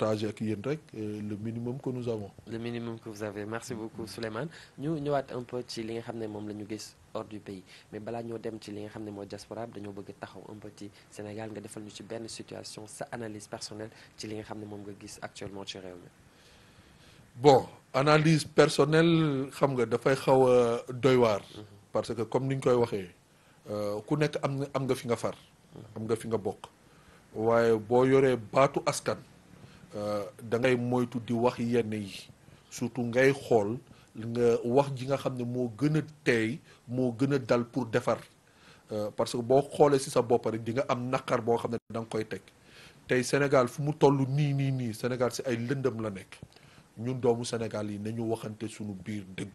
partager ak yéen rek euh, le minimum que nous avons. le minimum que vous avez merci beaucoup Souleymane ñu ñëwaat un ci li nga xam ne moom la ñu gis hors du pays mais balaa ñoo dem ci li nga xam ne mooy diaspora dañoo bëgg taxaw un peu ci Sénégal nga defal ñu ci benn situation sa analyse personnelle ci li nga xam ne moom nga gis actuellement ci réew mi. bon analyse personnelle xam nga dafay xaw a doy waar. Mhm. parce que comme ni ñu koy waxee euh, ku nekk am am nga fi nga far. Mhm. am nga fi nga bokk. waaye boo yoree baatu askan Euh, da ngay moytu di wax yenn yi surtout ngay xool nga wax ji nga xam ne moo gën a teey moo gën a dal pour defar euh, parce que boo xoolee ci sa bopp di nga am naqar boo xam ne da nga koy teg tey Sénégal fu mu toll nii nii nii Sénégal si ay lëndëm la nekk ñu doomu Sénégal yi nañu waxante suñu biir dëgg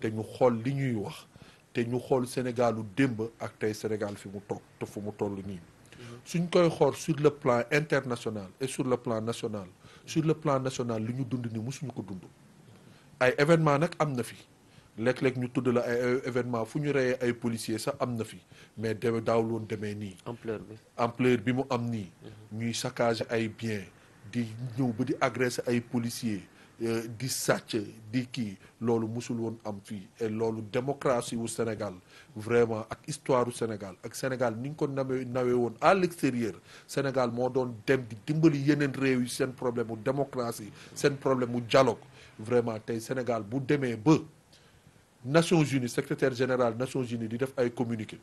te ñu xool li ñuy wax te ñu xool Sénégalu démb ak tey Sénégal fi mu toog te fu mu toll nii. suñ koy xool sur le plan international et sur le plan nationale sur le plan nationale lu ñu dund ni mosuñu ko dund ay événement nag am na fi léeg-léeg ñu tudd la ay événement fu ñu reyee ay policiers sax am na fi mais de daaw woon demee nii ampleur bi ampleur bi mu am nii mhm. ñuy saccager ay biens di ñëw ba di agresser ay policier Euh, di sàcc di kii loolu musul woon am fii loolu démocratie wu Sénégal vraiment ak histoire Sénégal ak Sénégal ni ñu ko nawe nawee woon à l'extérieur Sénégal moo doon dem di dimbali yeneen réew yi seen problème mu démocratie seen problème mu dialogue vraiment tey Sénégal bu demee ba Nations Unies secrétaire général Nations Unies di def ay communiqué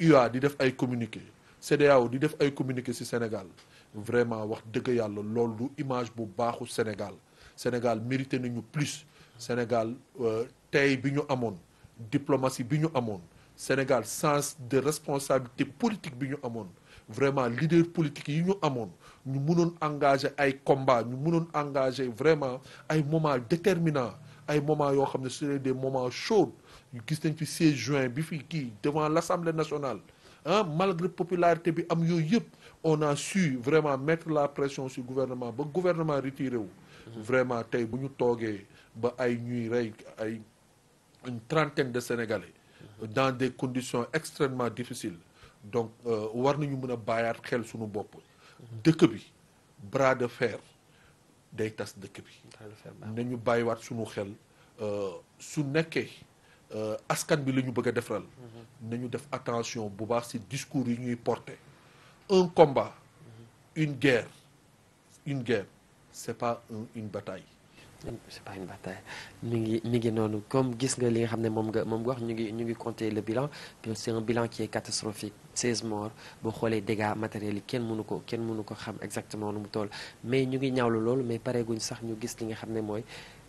UA di def ay communiqué CEDEAO di def ay communiqué ci Sénégal vraiment wax dëgg yàlla loolu du image bu baaxu Sénégal Sénégal mérité nañu plus Sénégal euh, tey bi ñu amoon diplomatie bi ñu amoon Sénégal sens de responsabilité politique bi ñu amoon vraiment leader politique yi ñu amoon ñu munoon engagé ay combat ñu munoon engagé vraiment ay moment déterminant ay moment yoo xam ne ce sont des moments chauds ñu gis nañ fi 16 juin bi fi kii devant l'Assemblée nationale ah malgré popularité bi am yooyu yëpp on a su vraiment mettre la pression sur gouvernement ba gouvernement retiré wu vraiment tey bu ñu toogee ba ay ñuy rey ay une trentaine de Sénégalais dans des conditions extrêmement difficiles donc euh, war nañu mën a bàyyaat xel suñu bopp dëkk bi bras de fer day tas dëkk bi nañu bàyyiwaat suñu xel euh, su nekkee euh, askan bi lañu ñu bëgg a defaral nañu def attention bu baax ci discours yu ñuy porte un combat une guerre une guerre c'est pas une bataille. c'est pas une ngi mu ngi noonu comme gis nga li nga xam ne moom nga moom nga wax ñu ngi ñu ngi compter le bilan c'est un bilan qui est catastrophique boo xoolee dégâts matériels yi kenn mënu ko kenn mënu ko xam exactement nu mu toll mais ñu ngi ñawlu loolu mais pareeguñ sax ñu gis li nga xam ne mooy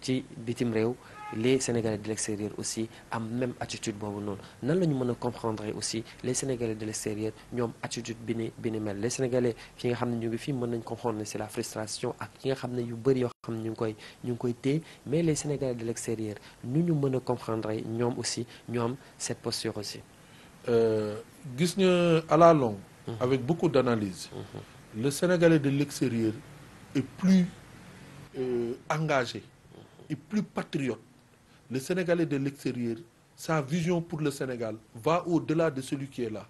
ci bitim réew. les Sénégalais de l'extérieur aussi am même attitude boobu noonu nan la ñu mën a comprendre aussi les Sénégalais de l'extérieur ñoom attitude bi ni bi ni mel les Sénégalais fi nga xam ne ñu ngi fii mën nañ comprendre ne c'est la frustration ak yi nga xam ne yu bëri yoo xam ne ñu ngi koy ñu ngi koy téye mais les Sénégalais de l'extérieur nu ñu mën a comprendre ñoom aussi ñu am cette posture aussi euh, gis nga à la longue mhm. avec beaucoup d'analyse mhm. le Sénégalais de l'extérieur est plus euh, engagé et plus le Sénégalais de l'extérieur sa vision pour le Sénégal va au-delà de celui qui est là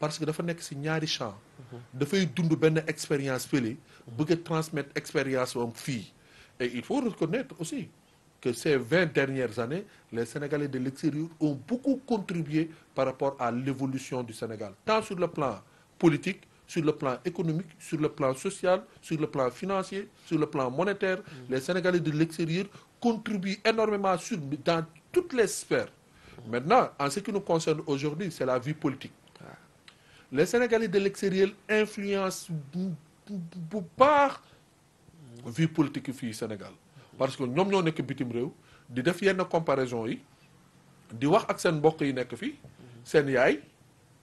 parce que dafa nekk ci ñaari champ dafay dund benn expérience fële bëgg a transmettre expérience am fii et il faut reconnaître aussi que ces vingt dernières années les Sénégalais de l'extérieur ont beaucoup contribué par rapport à l'évolution du Sénégal tant sur le plan politique sur le plan économique sur le plan social sur le plan financier sur le plan monétaire les Sénégalais de l'extérieur contribue énormément sur, dans toutes les sphères. Maintenant, en ce qui nous concerne aujourd'hui, c'est la vie politique. Les Sénégalais de l'extérieur influencent bu baax vie politique fii Sénégal parce que ñoom ñoo nekk bitim réew di def yenn comparaison yi di wax ak seen mbokk yi nekk fii mm-hmm. seen yaay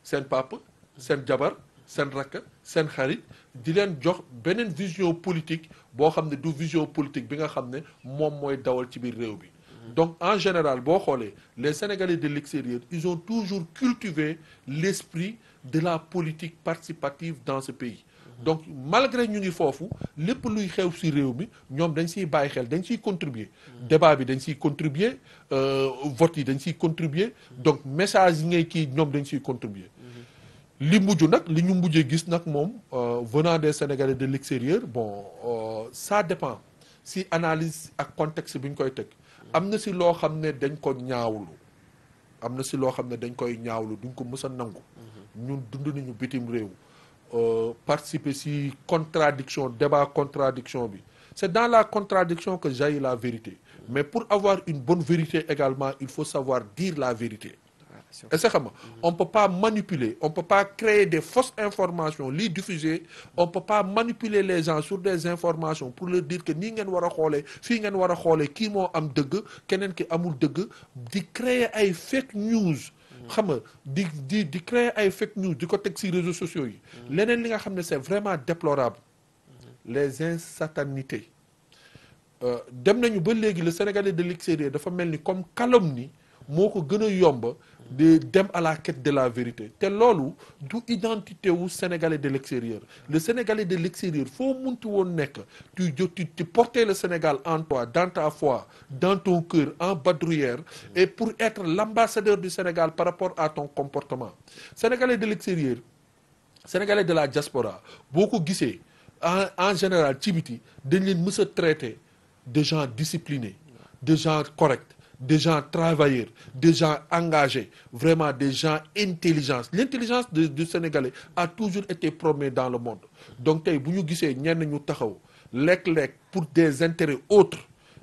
seen papa seen jabar seen rakk seen xarit di leen jox beneen vision politique boo xam ne du vision politique bi nga xam ne moom mooy dawal ci biir réew bi mm-hmm. donc en général boo xoolee les Sénégalais de l'extérieur ils ont toujours cultivé l'esprit de la politique participative dans ce pays mm-hmm. donc malgré ñu ngi foofu lépp luy xew si réew bi ñoom dañ ciy bàyyi xel dañ ciy contribuer mm-hmm. débat bi dañ ciy contribuer euh, vote yi dañ ciy contribuer donc message yi ngay kii ñoom dañ ciy contribuer li mujju nag li ñu mujjee gis nag moom euh, venant des Sénégalais de l'extérieur bon sa euh, dépend si analyse ak contexte bi ñu koy teg am na si loo xam ne dañ ko ñaawlu am na si loo xam ne dañ koy ñaawlu duñ ko mës a nangu ñun dund nañu bitim réew euh, participer si contradiction débat contradiction bi c'est dans la contradiction que jaillit la vérité mais pour avoir une bonne vérité également il faut savoir dire la vérité est-ce que xam nga mm. on pa pas manipuler on peut pas créer des fausses informations li diffuser on peut pas manipuler les gens sur des informations pour le dire que nii ngeen war a xoolee fii ngeen wara a xoolee kii moo am dëgg keneen ki amul dëgg di créer ay fake news mm. xam nga di di di créer ay fake news di ko teg ci réseaux sociaux yi mm. leneen li nga xam ne c'est vraiment déplorable les insatanités euh, dem nañu ba léegi le Sénégalais de l'extérieur dafa mel ni comme calomnie moo ko gën a yomb di dem à la quête de la vérité te loolu du identité wu sénégalais de l'extérieur le sénégalais de l'extérieur foo muntu woon nekk tu joti tu porter le Sénégal en toi dans ta foi dans ton cœur en badrouillère et pour être l'ambassadeur du Sénégal par rapport à ton comportement sénégalais de l'extérieur sénégalais de la diaspora boo ko gisee en en général ci biti dañ leen mës traité de gens disciplinés de gens corrects des gens travailleurs des gens engagés vraiment des gens intelligence l'intelligence du Sénégalais a toujours été promue dans le monde donc tey bu ñu gisee ñenn ñu taxaw lekk léeg pour des intérêts autres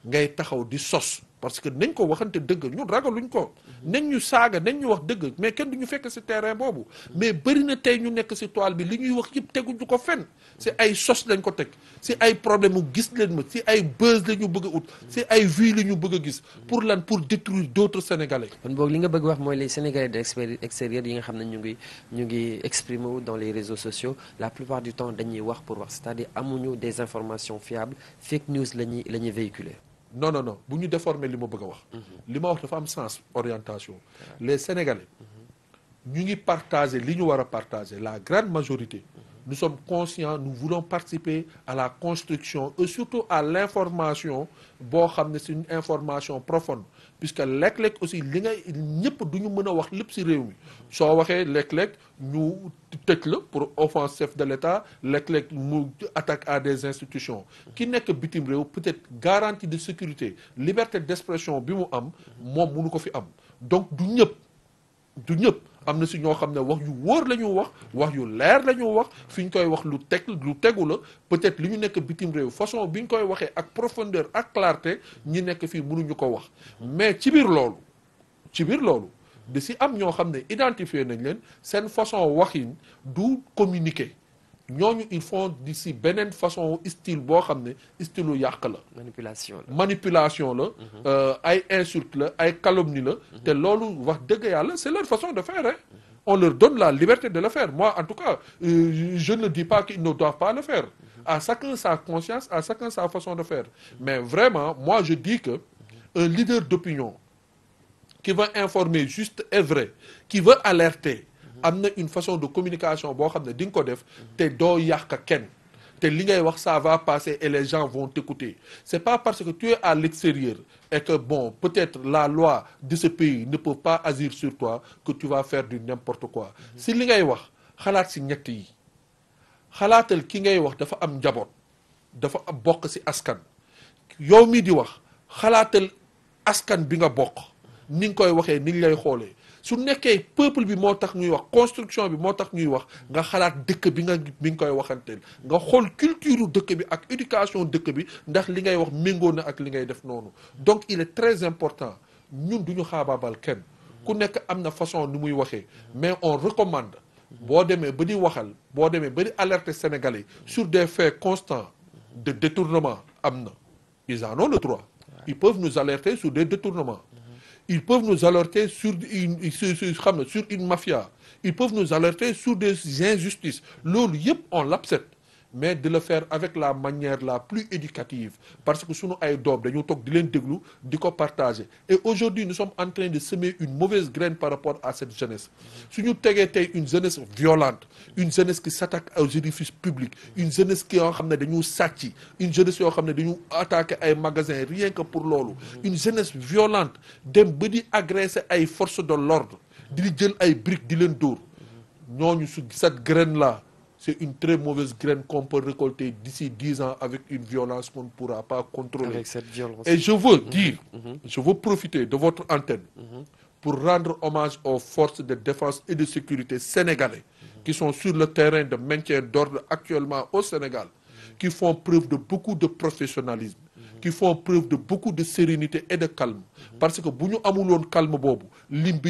ngay taxaw di sos parce que nañ ko waxante dëgg ñun ragaluñ ko nañ ñu saaga nañ ñu wax dëgg mais kenn du ñu fekk si terrain boobu mais bëri tey ñu nekk si toile bi li ñuy wax yëpp teguñu ko fenn si ay sos lañ ko teg si ay problème mu gis leen ma si ay buzz la ñu bëgg a si ay vues la ñu bëgg gis pour lan pour détruire d'autres sénégalais kon boog li nga bëgg wax mooy les sénégalais de l'extérieur yi nga xam ne ñu ngi ñu ngi wu dans les réseaux sociaux la plupart du temps dañuy wax pour wax c'est-à-dire amuñu des informations fiables fake news la ñuy la ñuy véhiculer non non non bu ñu déformer li ma bëgg wax. Mhm. li ma wax dafa am sens orientation. les sénégalais mhm. ñu ngi partager li ñu war a partager la grande majorité. Mhm. nous sommes conscients nous voulons participer à la construction et surtout à l'information boo xam ne c'est une information profonde. puisque léeg-léeg aussi li ngay ñëpp du ñu mën a wax lépp ci réew mi soo waxee léeg-léeg ñu tëj la pour offense chef de l'État léeg-léeg mu attaque à des institutions ki nekk bitim réew peut-être garantie de sécurité liberté d'expression bi mu am moom mënu ko fi am donc du ñëpp du ñëpp am na si ñoo xam ne wax yu wóor la ñu wax wax yu leer la wax fi ñu koy wax lu teg lu tegu la peut-être li ñu nekk bitim réew façon bi ñu koy waxee ak profondeur ak clarté ñi nekk fii mënuñu ko wax mais ci biir loolu ci biir loolu da si am ñoo xam ne identifier nañ leen seen façon waxin du communiquer ñooñu ils font d'ici beneen façon style boo xam ne style lu yàq la. manipulation la manipulation la. Mhm. Euh, ay insulte la ay calomnie la. Mhm. te loolu wax dëgg yàlla c'est leur façon de faire hein. Mhm. on leur donne la liberté de le faire moi en tout cas euh, je ne dis pas qu'ils ne doivent pas le faire à chacun sa conscience à chacun sa façon de faire mais vraiment moi je dis que un leader d'opinion qui veut informer juste et vrai qui veut alerter am na une façon de communication boo xam ne di nga ko def te doo yàq kenn te li ngay wax ça va passer et les gens vont t'écouter c'est pas parce que tu es à l'extérieur et que bon peut-être la loi de ce pays ne peut pas agir sur toi que tu vas faire du n'importe quoi si li ngay wax xalaat si ñett yi xalaatal ki ngay wax dafa am njaboot dafa bokk si askan yow mii di wax xalaatal askan bi nga bokk ni nga koy waxee ni ñu lay xoolee su nekkee peuple bi moo tax ñuy wax construction bi moo tax ñuy wax nga xalaat dëkk bi nga bi nga koy waxanteel nga xool culture dëkk bi ak éducation dëkk bi ndax li ngay wax méngoo na ak li ngay def noonu donc il est très important du duñu xaabaabal kenn ku nekk am na façon nu muy waxee mais on recommande boo demee ba di waxal boo demee ba di alerte Sénégalais sur des faits constants de détournement am na ils en ont le droit ils peuvent nous alerter sur des détournements ils peuvent nous alerter sur une xam na sur une mafia ils peuvent nous alerter sur des injustices loolu yëpp on l'accepte mais de le faire avec la manière la plus éducative parce que sunu ay doom dañu toog di leen déglu di ko partager et aujourd'hui nous sommes en train de semer une mauvaise graine par rapport à cette jeunesse suñu tegee tey une jeunesse violente une jeunesse qui s'attaque aux édifices publics une jeunesse qui yoo xam ne dañu sàcc une jeunesse yoo xam ne dañu attaquer ay magasins rien ko pour loolu une jeunesse violente dem ba di agresser ay force de l'ordre di jël ay briques di leen dóor ñooñu su cette graine là c'est une très mauvaise graine qu'on peut récolter d'ici dix ans avec une violence qu'on ne pourra pas contrôler. Et je veux mhm. dire, mhm. je veux profiter de votre antenne mhm. pour rendre hommage aux forces de défense et de sécurité sénégalais qui sont sur le terrain de maintien d'ordre actuellement au Sénégal, qui font preuve de beaucoup de professionnalisme. qui font preuve de beaucoup de sérénité et de calme. parce que bu ñu calme boobu lim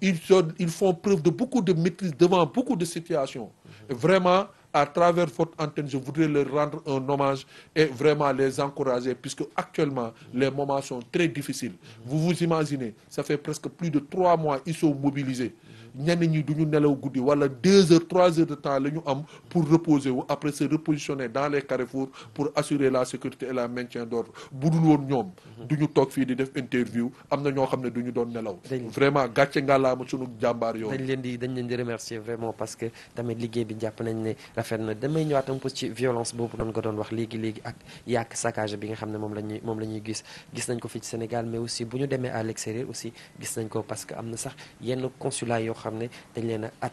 ils, sont, ils font preuve de beaucoup de maîtrise devant beaucoup de situations. Et mhm. vraiment, à travers votre antenne, je voudrais leur rendre un hommage et vraiment les encourager, puisque actuellement, les moments sont très difficiles. Vous vous imaginez, ça fait presque plus de trois mois, ils sont mobilisés. ñenn ñi du ñu nelaw guddi wala deux heures trois heures de temps la ñu am pour reposer wu après se repositionner dans les carrefours pour assurer la sécurité et la maintien d'ordre bu dul woon ñoom du ñu toog fii di def interview am na ñoo xam ne du ñu doon nelaw vraiment gàcce ngàllaama sunu jàmbaar yow leen di dañ leen di vraiment parce que tamit liggéey bi jàpp nañ ne rafet na damay ñëwaat un peu ci violence boobu noonu nga doon wax léegi léegi ak yàq saccage bi nga xam ne moom la ñuy moom la ñuy gis gis nañ ko fii ci Sénégal mais aussi bu ñu demee à l'extérieur aussi gis nañ ko parce que am na sax yenn consulat yoo xam ne dañ leen a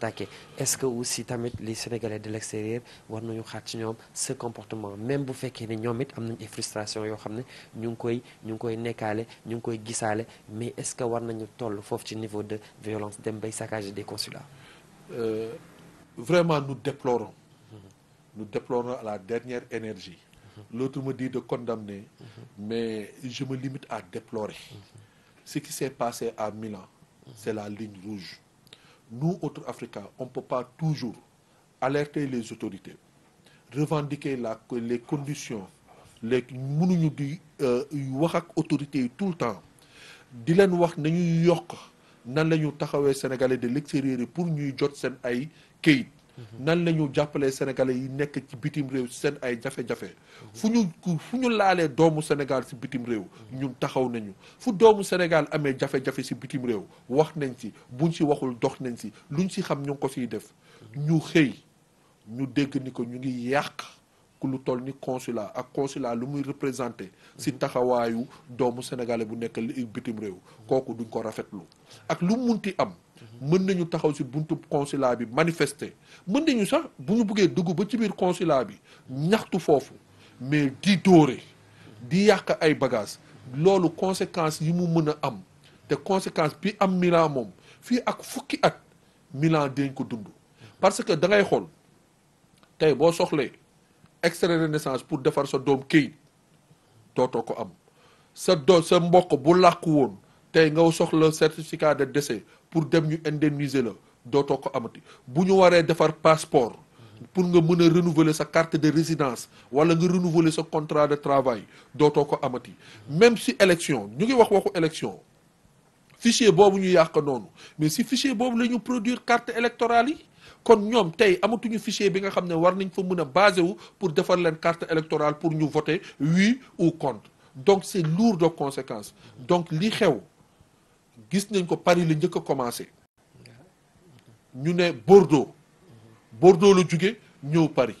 est-ce que aussi tamit les Sénégalais de war nañu xaat ci ñoom ce même bu fekkee ne ñoom it am nañ ay yoo xam ne ñu ngi koy ñu ngi koy nekkaale ñu ngi koy gisaale mais est-ce que war nañu toll foofu ci niveau de violence dem bay saccager des consulats. Euh, vraiment nous déplorons. nous déplorons à la dernière énergie. L'autre me dit de condamner, mais je me limite à déplorer. Ce qui s'est passé à Milan, c'est la ligne rouge. Nous, autres Africains, on ne peut pas toujours alerter les autorités, revendiquer la, les conditions, les mënuñu di euh, wax ak autorités yi tout le temps di leen wax nañuy yokk nan la ñu taxawee sénégalais de l'extérieur pour ñuy jot seen ay kayit. nan lañu jàppalee sénégalais yi nekk ci bitim réew seen ay jafe-jafe fu ñu fu ñu laalee doomu sénégal si bitim réew ñun taxaw nañu fu doomu sénégal amee jafe-jafe si bitim réew wax nañ si buñ si waxul dox nañ si luñ si xam ñu ngi ko siy def ñu xëy ñu dégg ni ko ñu ngi yàq ku lu toll ni consulat ak consulat lu muy représenté si taxawaayu doomu sénégalais bu nekk bitim réew kooku duñ ko rafetlu ak lu munti am mën nañu taxaw si buntu consulat bi manifester mën nañu sax bu ñu buggee dugg ba ci biir consulat bi ñaxtu foofu mais di dóore di yàq ay bagages loolu conséquence yi mu mën a am te conséquence bi am Milan moom fii ak fukki at Milan dañ ko dund parce que dangay xool tey boo soxlee extrait de pour defar sa doom këyit dootoo ko am sa do sa mbokk bu làkk woon tey nga soxla certificat de décès pour dem ñu indemniser la dootoo ko amati bu ñu waree defar passeport pour nga mën a renouveler sa carte de résidence wala nga renouveler sa contrat de travail dootoo ko amati même si élection ñu ngi wax waxu élection fichier boobu ñu yàq noonu mais si fichier boobu la ñu produire carte électorale yi kon ñoom tey amatuñu fichier bi nga xam ne war nañ fa mën a basé wu pour defar leen carte électorale pour ñu voter oui ou contre donc c'est lourd de donc li xew gis nañ ko Paris la njëkk a commencé ñu ne Bordeaux Bordeaux la jóge ñëw Paris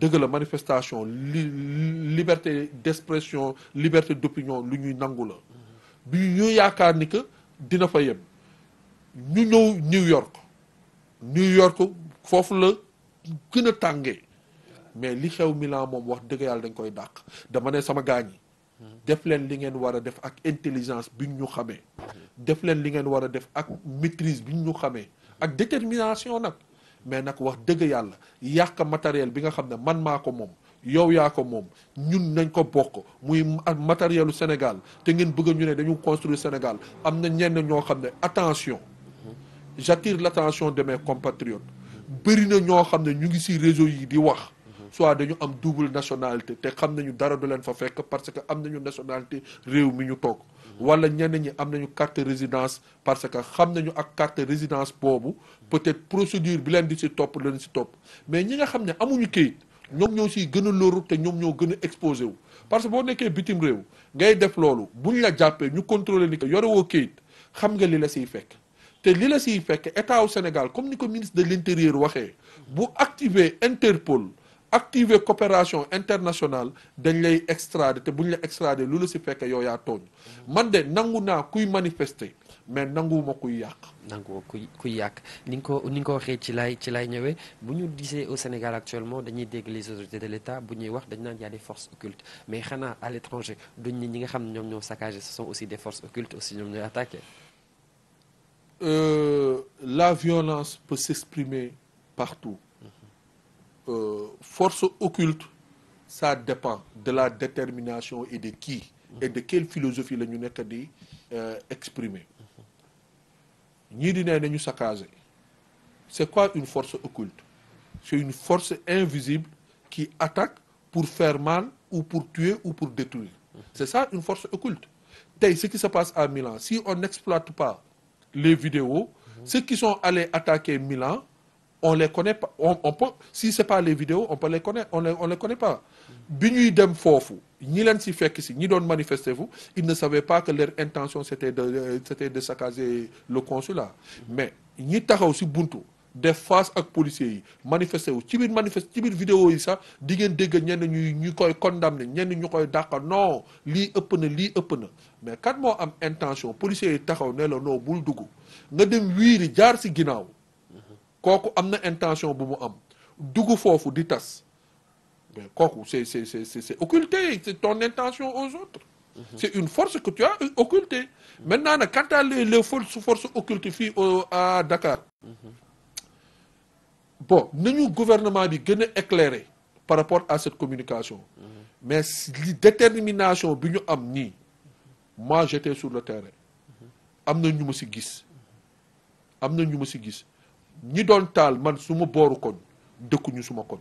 dëgg la manifestation li liberté d'expression liberté d'opinion lu ñuy nangu la bi ñu yaakaar ni que dina fa yem ñu ñëw New York New York foofu la gën a tàngee mais li xew Milan moom wax dëgg yàlla dañ koy dàq dama ne sama gaañ yi def leen li ngeen war a def ak intelligence bi ñu xamee. def leen li ngeen war a def ak maîtrise bi ñu xamee. ak détermination nag. mais nag wax dëgg yàlla yàq matériel bi nga xam ne man maa ko moom yow yaa ko moom ñun nañ ko bokk muy ak matérielu Sénégal te ngeen bëgg ñu ne dañu construire Sénégal am na ñenn ñoo xam ne attention. j'attire l'attention de mes compatriotes. bëri na ñoo xam ne ñu ngi ci réseau yi di wax. soit dañu am double nationalité te xam nañu dara du leen fa fekk parce que am nañu nationalité réew mi ñu toog wala ñenn ñi am nañu carte résidence parce que xam nañu ak carte résidence boobu peut-être procédure bi leen di si topp leen si topp mais ñi nga xam ne amuñu kayit ñoom ñoo si gën a loru te ñoom ñoo gën a exposé wu parce que boo nekkee bitim réew ngay def loolu ñu la jàppee ñu contrôler ni que yore woo xam nga li la siy fekk te li la siy fekk état wu Sénégal comme ni ko ministre de l'intérieur waxee bu activer Interpol activer coopération internationale dañ lay extrader te ñu la extrader lu la si fekkee yow yaa tooñ man de nangu naa kuy manifester mais nanguwuma kuy yàq. nanguwoo kuy kuy yàq ni nga ko ni nga ko waxee ci lay ci lay ñëwee bu ñu gisee au Sénégal actuellement dañuy dégg les autorités de l'État bu ñuy wax dañ naan y a des forces mais xanaa à l'étranger duñ ni ñi nga xam ne ñoom ñoo saccagé ce sont aussi des forces occultes aussi ñoom ñooy attaqué. Euh, la violence peut s'exprimer partout. euh, force occulte ça dépend de la détermination et de qui et de quelle philosophie la ñu nekk di euh, exprimer ñii di ne nañu saccager c'est quoi une force occulte c'est une force invisible qui attaque pour faire mal ou pour tuer ou pour détruire c'est ça une force occulte tey ce qui se passe à Milan si on n'exploite pas les vidéos ceux qui sont allés attaquer Milan on les connaît pas on, on peut si c'est pas les vidéos on peut les connaître on les on pas bi ñuy dem foofu ñi leen si fekk si ñi doon manifester fu ils ne savaient pas que leur intention c'était de c'était de saccager le consulat mais ñi taxaw si buntu def face ak policiers yi manifester wu ci biir manifester ci vidéo yi sax di ngeen dégg ñenn ñuy ñu koy condamner ñenn ñu koy dàqa noo lii ëpp na lii ëpp na mais kat moo am intention policiers yi taxaw ne la non bul dugg nga dem wiiri jaar si ginnaaw kooku am na intention bu mu am dugg foofu di tas mais kooku c'est c'est c'est c'est c'est ton intention aux mhm. c'est une force que tu as occultée mhm. maintenant nag quand les les forces forces occultes fii à Dakar mhm. bon nañu gouvernement bi gën a éclairé par rapport à cette communication mais li détermination bi ñu am nii moi j'étais sur le terrain am na ñu ma si gis am na ñu ma si gis ñi doon taal man su ma booru koñ dëkkuñu suma koñ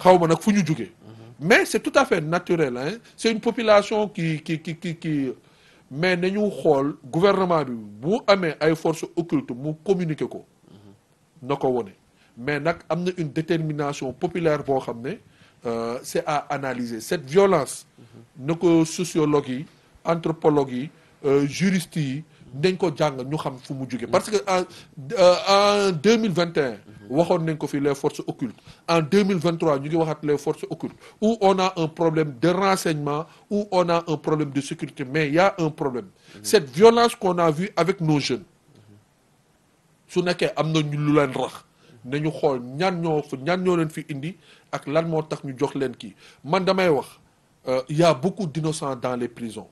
xaw ma nag fu ñu jugee mhm. mais c'est tout à fait naturel hein c'est une population qui qui qui qui qui mais nañu xool gouvernement bi bu amee ay forces occultes mu communiquer ko mhm. na ko wone mais nag am na une détermination populaire boo xam ne euh, c'est à analyser cette violence mhm. na ko sociologues yi anthropologues yi euh, juristes yi nañ ko jàng ñu xam fu mu jugee parce que en euh, deux mille vingt waxoon nañ ko fi les force occultes en deux mille vingt trois ñu ngi waxaat les forces occultes où on a un problème de renseignement où on a un problème de sécurité mais ya un problème cette violence qu'on a vue avec nos jeunes su nekkee am na ñu lu leen rax nañu xool ñan ñoo fa ñan leen fi indi ak lan moo tax ñu jox leen kii man damay wax il euh, y a beaucoup d'innocents dans les prisons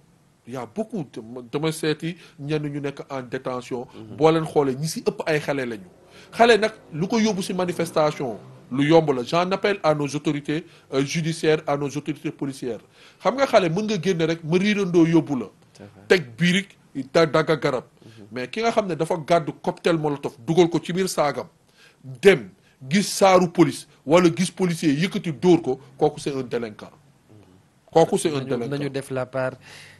y' a beaucoup dama seeti ñenn ñu nekk en détention boo leen xoolee ñi si ëpp ay xale lañu xale nag lu ko yóbbu si manifestation lu yomb la j'en appelle à nos autorités euh, judiciaires à nos autorités policières xam nga xale mën nga génne rek ma riirandoo yóbbu la teg biirig da dagga garab mhm. mais ki nga xam ne dafa gàddu cocktail molotov dugal ko ci biir saagam dem gis saaru police wala gis policier yëkkati dóor ko kooku c'est un délinquant mhm. kooku c'est un def la part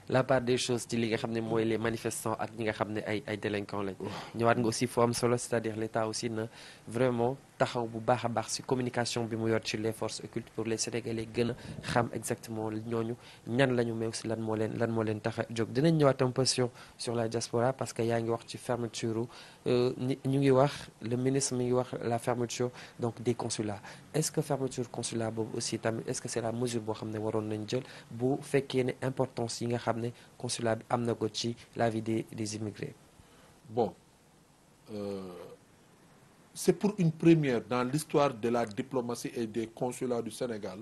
la part des choses ci li nga xam ne mooy les manifestants ak ñi nga xam ne ay ay o lañ ñëwaat nga aussi foo am solo c'est-à-dire l'État aussi na vraiment taxaw bu baax a baax ci communication bi mu yor ci les forces occultes pour les sénégalais gën a xam exactement ñooñu ñan lañu mais aussi lan moo leen lan moo leen tax a jóg dinañ ñëwaat un peu sur sur la diaspora parce que yaa ngi wax ci fermeture euh, ñu ngi wax le ministre mi ngi wax la fermeture donc des consulats est-ce que fermeture consulat boobu aussi tamit est-ce que c'est la mesure boo xam ne waroon nañ jël bu fekkee ne importance yi nga xam ne consulat am na ko ci la vie des des immigrés bon. Euh, c'est pour une première dans l'histoire de la diplomatie et des consulats du Sénégal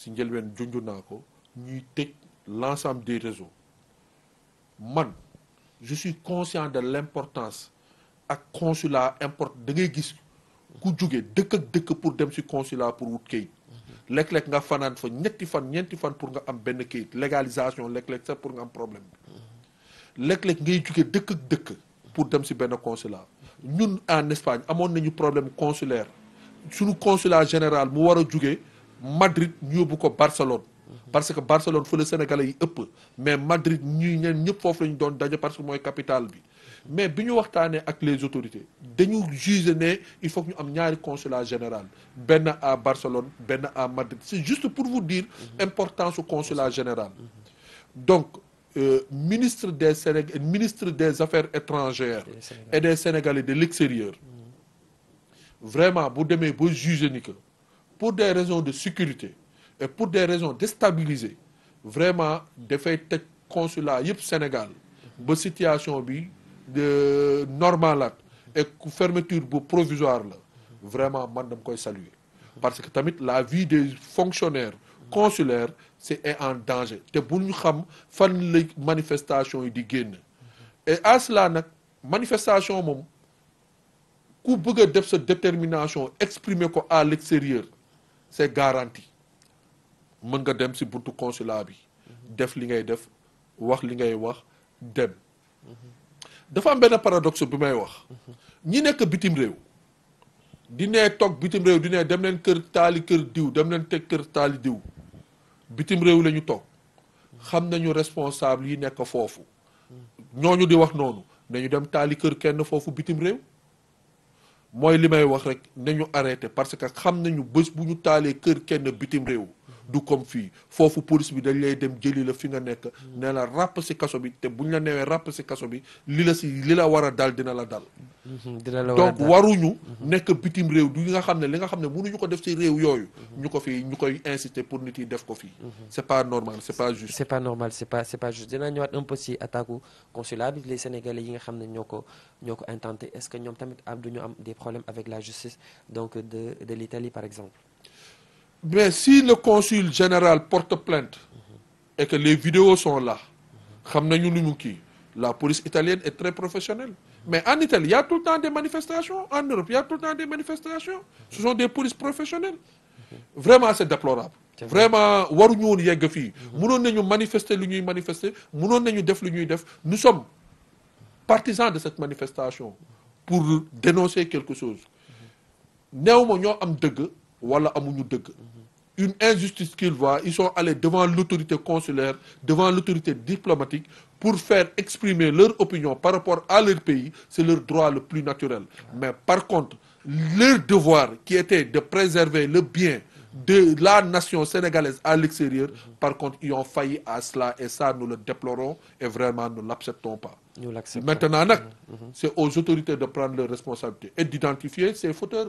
si njëlbeen junj naa ko ñuy tëj l'ensemble des réseau man je suis conscient de l'importance ak consulat import da gis ku jóge dëkk ak dëkk pour dem ci consulat pour wut kayit léeg-léeg nga fanaan fa ñetti fan ñeenti fan pour nga am benn kayit légalisation léeg-léeg sax pour nga am problème bi léeg-léeg ngay jóge dëkk ak dëkk pour dem ci benn consulat ñun en Espagne amoon nañu problème consulaire suñu consulat général mu war a jóge Madrid ñu yóbbu ko Barcelone. parce que Barcelone fu la Sénégalais yi ëpp. mais Madrid ñu ñen ñëpp foofu la ñu doon daje parce que mooy capital bi. mais bi ñu waxtaanee ak les autorités dañu juger ne il faut ñu am ñaari consulat général benn à Barcelone benn à Madrid c'est juste pour vous dire. Mhm. importance su consulat général. donc. Euh, ministre des Sénég ministre des affaires étrangères et des Sénégalais de l'extérieur vraiment bu demee ba juger pour des raisons de sécurité et pour des raisons déstabilisées vraiment dafay teg consulat yëpp Sénégal ba situation bi de euh, normalaat et fermeture bu provisoire la vraiment man dama koy saluer parce que tamit la vie des fonctionnaires consulaires c'est en danger te bu ñu xam fan la manifestation yi di génn et à cela nag manifestation moom ku bëgg a def sa détermination exprimer ko à l'extérieur c'est garanti mën nga dem si buntu consulat bi def li ngay def wax li ngay wax dem dafa am benn paradoxe bi may wax ñi nekk bitim réew di nee toog bitim réew di nee dem leen kër taali kër diw dem leen teg kër taali diw bitim réew la ñu toog xam nañu responsable yi nekk foofu ñooñu di wax noonu nañu dem taali kër kenn foofu bitim réew mooy li may wax rek nañu arrêté parce que xam nañu bés bu ñu taalee kër kenn bitim réew du comme fii foofu police bi dañ lay dem jëli la fi nga nekk ne la ràpp si kaso bi te buñ la newee ràpp si kaso bi li la si li la war a dal dina la dal mhm, donc waruñu mhm. nekk bitim réew du nga xam ne li nga xam ne mënuñu ko def si réew yooyu mhm. ñu ko fii ñu koy insister pour nit yi def ko fii c'est pas normal c'est pas juste c'est pas normal c'est pas c'est pas juste dinaa yi nga xam ne ñoo ko ñoo ko intenté est-ce que ñoom tamit am ñu am de problèmes avec la justice donc de exemple mais si le consul général porte plainte et que les vidéos sont là xam nañu lu mu kii la police italienne est très professionnelle mais en Italie y a tout le temps des manifestations en Europe y a tout le temps des manifestations ce sont des polices professionnelles vraiment c'est déplorable vraiment waruñu woon yegg fii mënoon nañu manifester lu ñuy manifester mënoon nañu def lu ñuy def nous sommes partisans de cette manifestation pour dénoncer quelque chose néew ma ñoo am dëgg wala amuñu dëgg une injustice qu'ils voient ils sont allés devant l'autorité consulaire devant l'autorité diplomatique pour faire exprimer leur opinion par rapport à leur pays c'est leur droit le plus naturel mais par contre leur devoir qui de préserver le bien de la nation sénégalaise à l'extérieur par contre ils ont failli à cela et ça nous le déplorons et vraiment nous l'acceptons pas nous l'acceptons maintenant nag mmh, mmh. c'est aux autorités de prendre leurs responsabilités et d'identifier ces fauteurs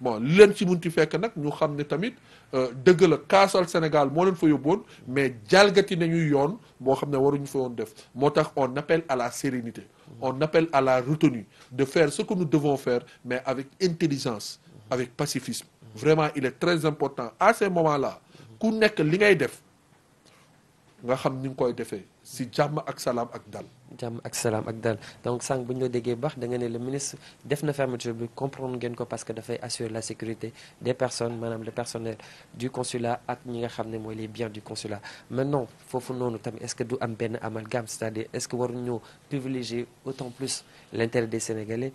bon li leen ci mun ti fekk nag ñu xam ne tamit euh, dëgg la kaasal Sénégal moo leen fa yóbboon mais jalgati nañuy yoon boo xam ne waruñu fa yoon def moo tax on appelle à la sérénité on appelle à la retenue de faire ce que nous devons faire mais avec intelligence avec pacifisme vraiment il est très important à ces moment là ku nekk li ngay def nga xam ni nga koy defee si jàmm ak salaam ak dal jàmm ak salaam ak dal donc sànq bu ñu la déggee baax da nga ne le ministre def na fermeture bi comprendre ngeen ko parce que dafay assure la sécurité des personnes maanaam le personnel du consulat ak ñi nga xam ne mooy les biens du consulat maintenant foofu noonu tamit est-ce que du am benn amalgame c'est-à-dire est-ce que waruñoo privilégier autant plus l'intérêt des Sénégalais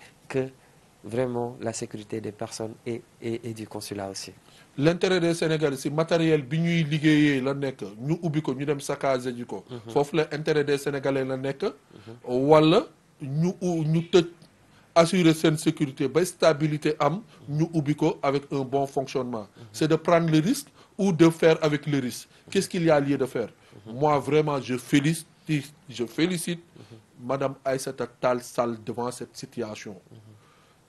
vraiment la sécurité des personnes et et, et du consulat aussi l' intérêt des Sénégalais si matériel bi ñuy liggéeyee la nekk ñu ubbi ko ñu dem saccagé ji ko. Mhm. foofu la intérêt des Sénégalais la nekk. wala ñu ñu tëj assurer seen sécurité ba stabilité am ñu ubbi ko avec un bon fonctionnement. Mhm. c' de prendre le risque ou de faire avec le risque. Mhm. qu' est ce qu'il y a lieu de faire. moi vraiment je félicite je félicite madame Aïssata Tall Sall devant cette situation.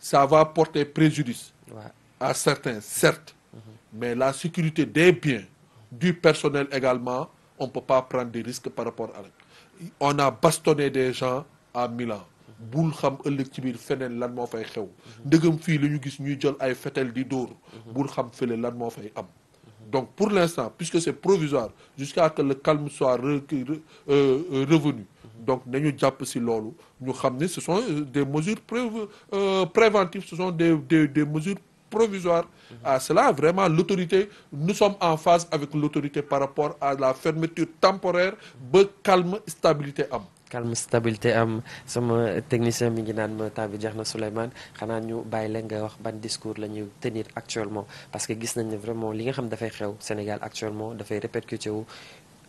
ça va porter préjudice. à certains certes. mais la sécurité des biens, du personnel également, on ne peut pas prendre des risques par rapport à... On a bastonné des gens à Milan. bul xam ëllëg ci biir feneen lan moo fay xew ndëgam fii la ñu gis ñuy jël ay fetel di door bul xam fële lan moo fay am donc pour l'instant puisque c'est provisoire jusqu'à que le calme soit re, re, euh, euh, revenu donc nañu jàpp si loolu ñu xam ne ce sont euh, des mesures pré euh, préventives ce sont des des des mesures provisoire à cela vraiment l'autorité nous sommes en phase avec l'autorité par rapport à la fermeture temporaire ba calme stabilité am calme stabilité am sama technicien mi ngi naan ma temps bi jeex na Souleymane xanaa ñu bàyyi la nga wax ban discours la ñuy tenir actuellement parce que gis nañ ne vraiment li nga xam dafay xew Sénégal actuellement dafay répercuté wu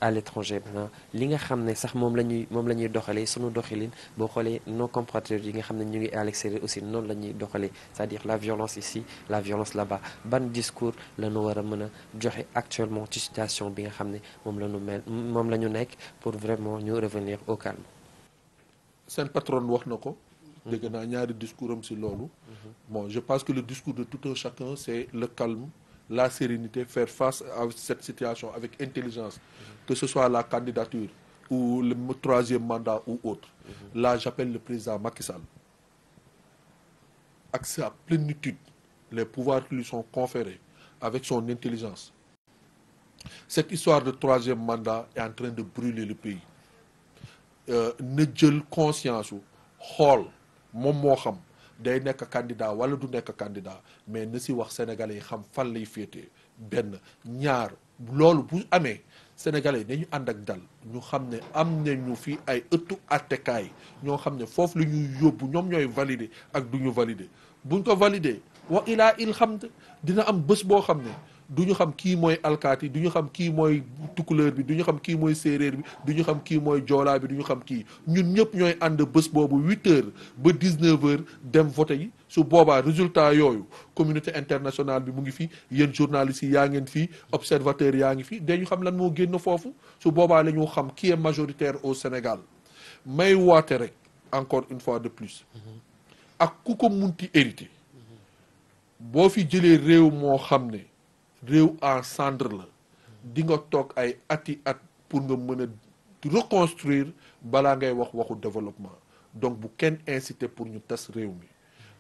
à l'étranger maanaam li nga xam ne sax moom la ñuy moom la ñuy doxalee sunu doxalin boo xoolee non compatriotes yi nga xam ne ñu ngi à l'extérieur aussi noonu la ñuy doxalee c'est-à-dire la violence ici la violence là-bas ban discours la ñu war a mën a joxe actuellement ci situation bi nga xam ne moom la ñu mel moom la ñu nekk pour vraiment ñu revenir au calme. seen patron wax na ko. dégg naa ñaari discours am si loolu. bon je pense que le discours de tout un chacun c'est le calme la sérénité faire face à cette situation avec intelligence. Mm que ce soit la candidature ou le troisième mandat ou autre. la -hmm. j'appelle le président Macky Sall. Accès à plénitude les pouvoirs qui lui sont conférés avec son intelligence. Cette histoire de troisième mandat est en train de brûler le pays. Euh, na jël conscience su xool moom moo xam day nekk candidat wala du nekk candidat mais na si wax sénégalais yi xam fan lay féetee benn ñaar loolu bu amee sénégalais yi ñu ànd ak dal ñu xam ne am ñu fi ay ëttu attekaay ñoo xam ne foofu la ñuy yóbbu ñoom ñooy valider ak du ñu valider buñ ko valider wa ilaa ilhamd dina am bés boo xam ne du ñu xam kii mooy alkaati du ñu xam kii mooy tukkuleer bi du ñu xam kii mooy séeréer bi du ñu xam kii mooy joolaa bi duñu xam kii ñun ñëpp ñooy ànd bës boobu huit heures ba dix-neuf heures dem vote yi su boobaa résultat yooyu communauté internationale bi mu ngi fi yéen journalistes yaa ngeen fii observateur yaa ngi fi dañu xam lan moo génn foofu su boobaa la ñu xam qui est majoritaire au Sénégal may waate rek encore une fois de plus ak ku ko munti hérité boo fi jëlee réew moo xam ne réew en cendre la di nga toog ay ati at pour nga mën a reconstruire balaa ngay wax waxu développement donc bu kenn incité pour ñu tas réew mi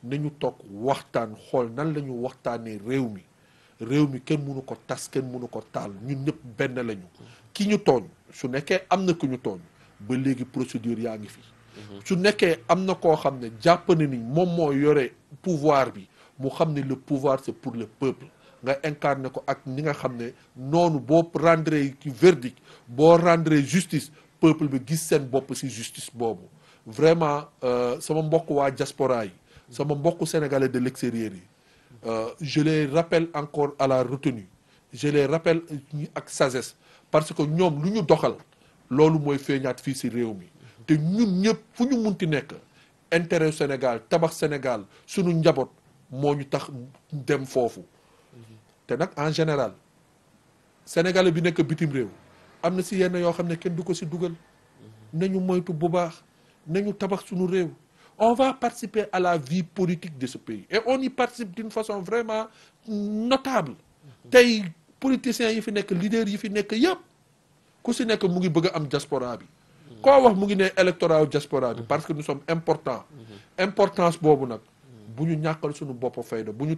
nañu toog waxtaan xool nan la ñu waxtaanee réew mi réew mi kenn mënu ko tas kenn mënu ko tàll ñun ñëpp benn lañu ki ñu tooñ su nekkee am na ku ñu tooñ ba léegi procédure yaa ngi fi mhm. su nekkee am na koo xam ne jàpp na moom moo yore pouvoir bi mu xam ne le pouvoir c'est pour le peuple nga incarné ko ak ni nga xam ne noonu boo rendre ci verdict boo rendre justice peuple bi gis seen bopp si justice boobu vraiment euh, sama mbokk waa diaspora yi sama mbokk sénégalais de l'extérieur yi euh, je les rappelle encore à la retenue je les rappelle ak sagesse parce que ñoom lu ñu doxal loolu mooy feeñaat fii si réew mi te ñun ñëpp fu ñu munti nekk intéret Sénégal tabax Sénégal sunu njaboot moo ñu tax dem foofu te nag en général sénégalais bi nekk bitim réew am na si yenn yoo xam ne kenn du ko si dugal nañu moytu bu baax nañu tabax suñu réew on va participer à la vie politique de ce pays et on y participe d'une façon vraiment notable tey politiciens yi fi nekk leaders yi fi nekk yëpp ku si nekk mu ngi bëgg am diaspora bi koo wax mu ngi ne électorat wu diaspora bi parce que nous sommes important importance boobu nag bu ñu ñàkkal suñu bopp fayda bu ñu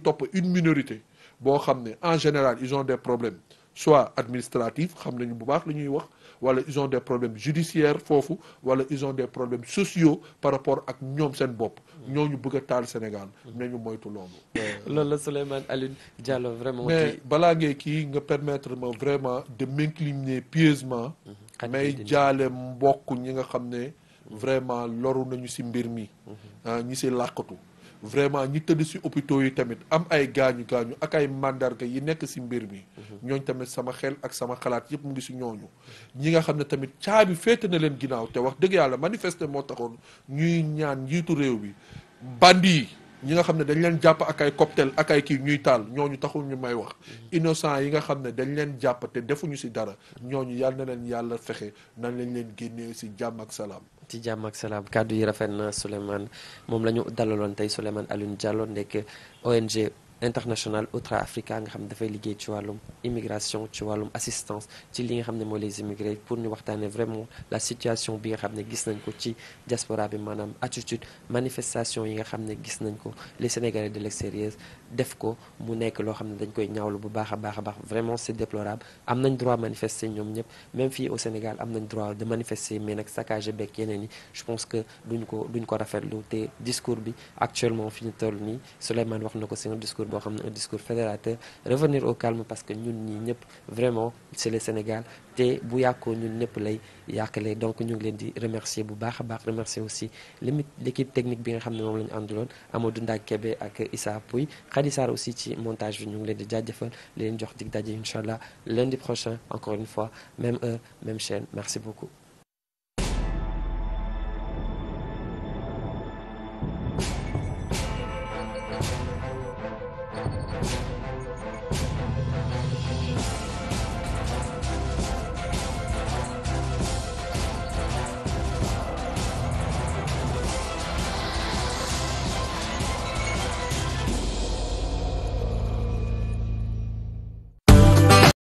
boo xam ne en général ils ont des problèmes soit administratifs xam nañu bu baax li ñuy wax wala ils ont des problèmes judiciaires foofu wala ils ont des problèmes sociaux par rapport ak ñoom seen bopp. ñooñu bëgg a taal Sénégal. nañu moytu loolu. loolu la Souleymane Alioune Diallo vraiment. mais balaa ngay kii nga permettre ma vraiment de m'incliner pieusement. Mhm. may jaale mbokk ñi nga xam ne. vraiment loru nañu si mbir mi. Mhm. Ah, ñi si làqatu. vraiment ñi tëdd ci hôpitaux yi tamit am ay gaañu gaañu ak ay mandarga yi nekk ci mbir mi. Mhm. ñooñ tamit sama xel ak sama xalaat yëpp mu ngi ci ñooñu. ñi nga xam ne tamit caabi féete na leen ginnaaw te wax dëgg yàlla manifester moo taxoon ñuy ñaan njiitu réew bi bandi ñi nga xam ne dañ leen jàpp ak ay cocktail ak ay kii ñuy taal ñooñu taxul ñu may wax mm-hmm. innocent yi nga xam ne dañu leen jàpp te defuñu ci dara ñu yàlla na leen yàlla fexe nan lañ leen génnee ci jàmm ak salaam ci jàmm ak salaam kàddu yi rafet na Souleymane moom la ñu dalaloon tey Souleymane Alioune Diallo nekk ONG international outre Africa nga xam ne dafay liggéey ci wàllum immigration ci wàllum assistance ci li nga xam ne mooy les immigrés pour ñu waxtaanee vraiment la situation bi nga xam ne gis nañ ko ci diaspora bi maanaam attitude manifestation yi nga xam ne gis nañ ko les Sénégalais de l'extérieur def ko mu nekk loo xam ne dañ koy ñaawlu bu baax a baax a baax vraiment c'est déplorable am nañ droit manifester ñoom ñëpp même fii au Sénégal am nañ droit de manifester mais nag saccagé beeg yeneen yi je pense que duñ ko duñ ko rafetlu te discours bi actuellement fi ñu toll nii Souleymane wax na ko c'est un discours boo xam ne un discours fédérateur revenir au calme parce que ñun nii ñëpp vraiment c'est le Sénégal te bu yàqoo ñun ñëpp lay yàqale donc ñu ngi leen di remercier bu baax a baax remercier aussi limit l'équipe technique bi nga xam ne moom la ñu ànduloon Amadou Ndak Kébé ak Issa Pouy Khady Sarr aussi ci montage bi ñu ngi leen di jaajëfal leen jox dig daje incha allah lundi prochain encore une fois même heure même chaîne merci beaucoup